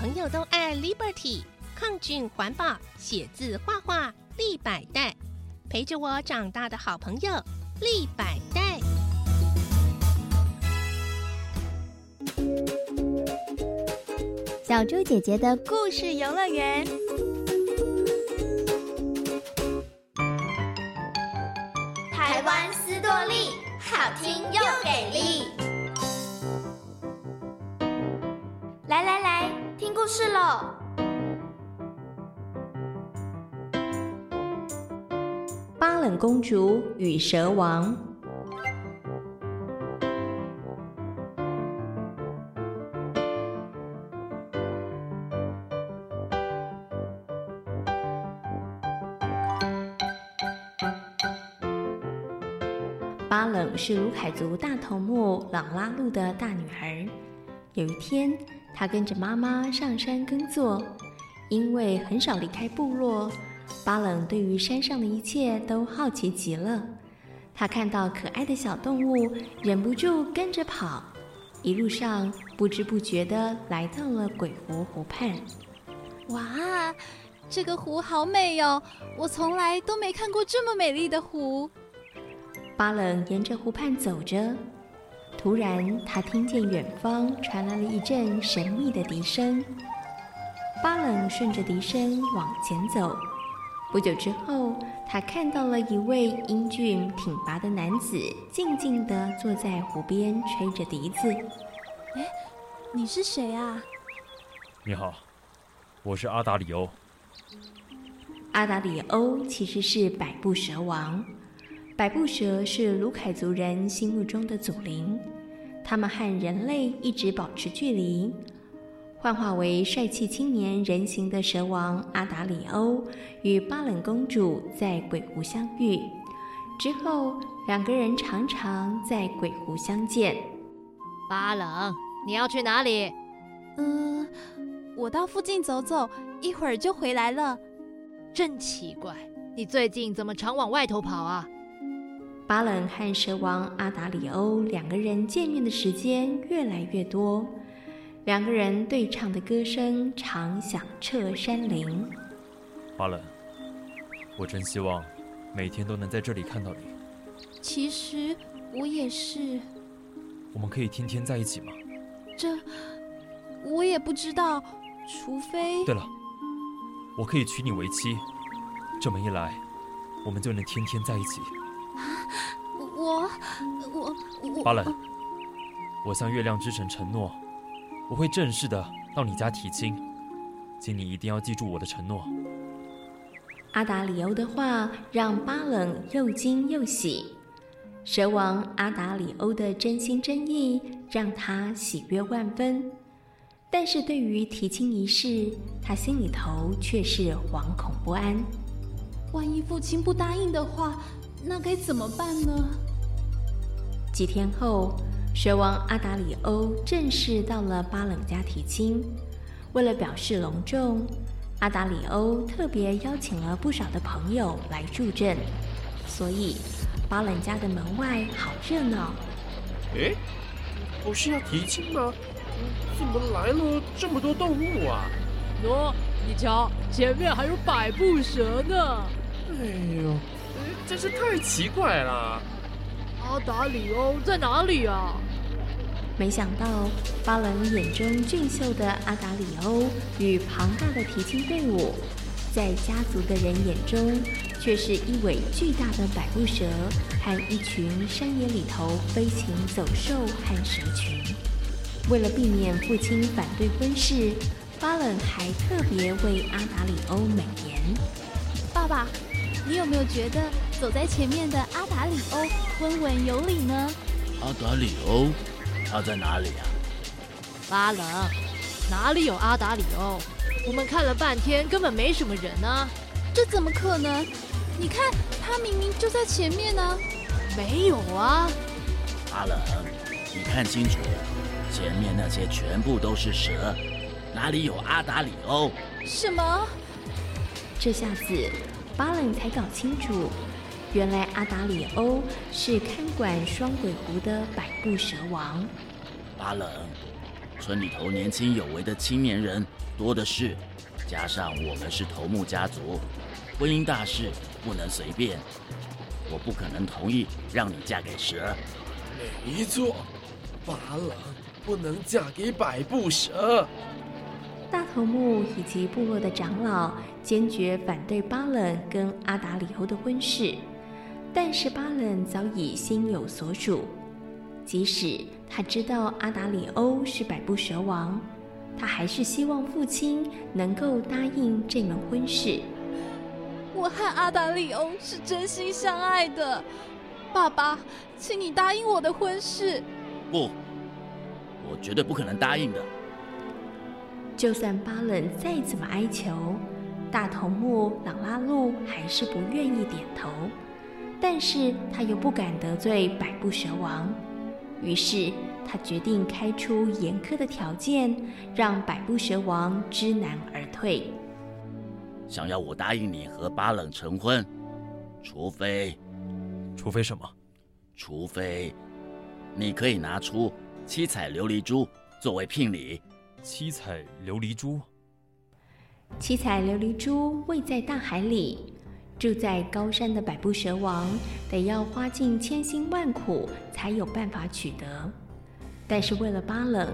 朋友都愛 Liberty，抗菌環保，寫字畫畫利百代，陪着我長大的好朋友利百代。小豬姐姐的故事遊樂園，台灣思多力，好聽又給力。來來來！故事了。巴冷公主與蛇王。巴冷是盧凱族大頭目朗拉路的大女兒。有一天，他跟着媽媽上山耕作，因為很少離開部落，巴冷對於山上的一切都好奇極了。她看到可愛的小動物，忍不住跟着跑，一路上不知不覺地來到了鬼湖湖畔。哇，這個湖好美喲！我從來都沒看過這麼美麗的湖。巴冷沿着湖畔走着。突然，他聽見遠方傳來了一陣神秘的笛聲。巴冷順着笛聲往前走。不久之後，他看到了一位英俊挺拔的男子，靜靜地坐在湖邊吹着笛子。“哎，你是誰啊？”“你好，我是阿達里歐。”阿達里歐其實是百步蛇王。百步蛇是魯凱族人心目中的祖靈，他們和人類一直保持距離。幻化為帥氣青年人形的蛇王阿達里歐與巴冷公主在鬼湖相遇之後，兩個人常常在鬼湖相見。巴冷，你要去哪裡？嗯、呃，我到附近走走，一會兒就回來了。真奇怪，你最近怎麼常往外頭跑啊？巴冷和蛇王阿達里歐兩個人見面的時間越來越多，兩個人對唱的歌聲常響徹山林。巴冷，我真希望每天都能在這裡看到你。其實，我也是。我們可以天天在一起嗎？這，我也不知道。除非……對了，我可以娶你為妻，這麼一來，我們就能天天在一起。我我我巴冷，我向月亮之神承諾，我會正式的到你家提親，請你一定要記住我的承諾。阿達里歐的話讓巴冷又驚又喜，蛇王阿達里歐的真心真意讓他喜悅萬分，但是對於提親一事，他心裡頭卻是惶恐不安。萬一父親不答應的話。那該怎麼辦呢？幾天後，蛇王阿達里歐正式到了巴冷家提親。為了表示隆重，阿達里歐特別邀請了不少的朋友來助陣，所以巴冷家的門外好熱鬧哦。哎，不是要提親嗎？怎麼來了這麼多動物啊？喏、哦，你瞧，前面還有百步蛇呢。哎呦！真是太奇怪了！阿達里歐在哪裡啊？沒想到，巴冷眼中俊秀的阿達里歐與龐大的提親隊伍，在家族的人眼中卻是一尾巨大的百步蛇和一群山野裡頭飛禽走獸和蛇群。為了避免父親反對婚事，巴冷還特別為阿達里歐美言：爸爸。你有沒有覺得走在前面的阿達里歐溫文有禮呢？阿達里歐，他在哪裡啊？巴冷，哪裡有阿達里歐？我們看了半天，根本沒什麼人啊！這怎麼可能？你看，他明明就在前面呢。沒有啊！巴冷，你看清楚，前面那些全部都是蛇，哪裡有阿達里歐？什麼？這下子。巴冷才搞清楚，原來阿達里歐是看管雙鬼湖的百步蛇王。巴冷，村裡頭年輕有為的青年人多的是，加上我們是頭目家族，婚姻大事不能隨便。我不可能同意讓你嫁給蛇。沒錯，巴冷不能嫁給百步蛇。大頭目以及部落的長老堅決反對巴冷跟阿達里歐的婚事，但是巴冷早已心有所屬，即使他知道阿達里歐是百步蛇王，他還是希望父親能夠答應這門婚事。我和阿達里歐是真心相愛的，爸爸，請你答應我的婚事。不，我絕對不可能答應的。就算巴冷再怎麼哀求，大頭目朗拉路還是不願意點頭。但是他又不敢得罪百步蛇王，於是他決定開出嚴苛的條件，讓百步蛇王知難而退。想要我答應你和巴冷成婚，除非，除非什麼？除非，你可以拿出七彩琉璃珠作為聘禮。七彩琉璃珠，七彩琉璃珠，位在大海裡，住在高山的百步蛇王，得要花盡千辛萬苦才有辦法取得。但是為了巴冷，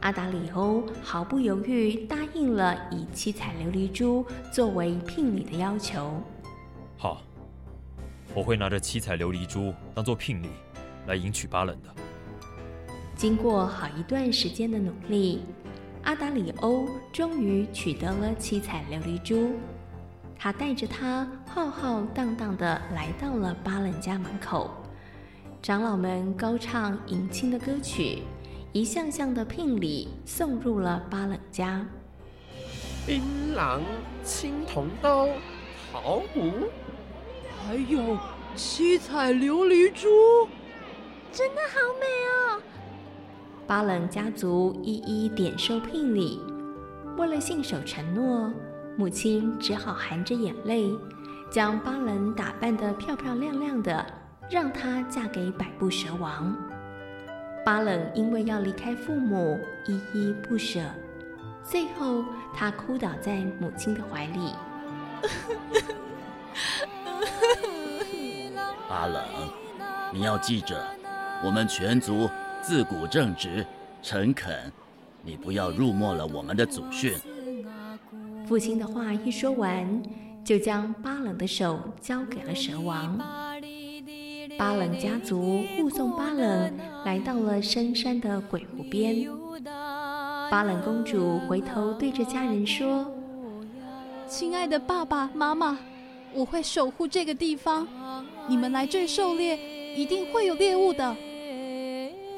阿達里歐毫不猶豫答應了以七彩琉璃珠作為聘禮的要求。好，我會拿着七彩琉璃珠當做聘禮，來迎娶巴冷的。經過好一段時間的努力。阿達里歐終於取得了七彩琉璃珠，他帶着他浩浩蕩蕩地來到了巴冷家門口。長老們高唱迎親的歌曲，一項項的聘禮送入了巴冷家。檳榔、青銅刀、陶壺，還有七彩琉璃珠，真的好美啊。巴冷家族一一點收聘禮，為了信守承諾，母親只好含着眼淚，將巴冷打扮得漂漂亮亮的，讓她嫁給百步蛇王。巴冷因為要離開父母，依依不捨，最後她哭倒在母親的懷裡。巴冷，你要記着，我們全族。自古正直，誠懇，你不要辱沒了我們的祖訓。父親的話一說完，就將巴冷的手交給了蛇王。巴冷家族護送巴冷來到了深山的鬼湖邊。巴冷公主回頭對着家人說：“親愛的爸爸媽媽，我會守護這個地方。你們來這狩獵，一定會有獵物的。”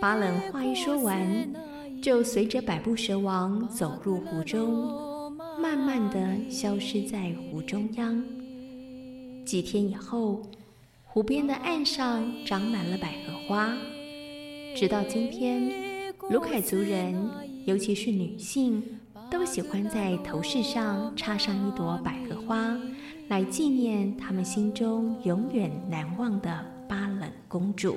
巴冷話一說完，就隨着百步蛇王走入湖中，慢慢地消失在湖中央。幾天以後，湖邊的岸上長滿了百合花。直到今天，魯凱族人，尤其是女性，都喜歡在頭飾上插上一朵百合花，來紀念他們心中永遠難忘的巴冷公主。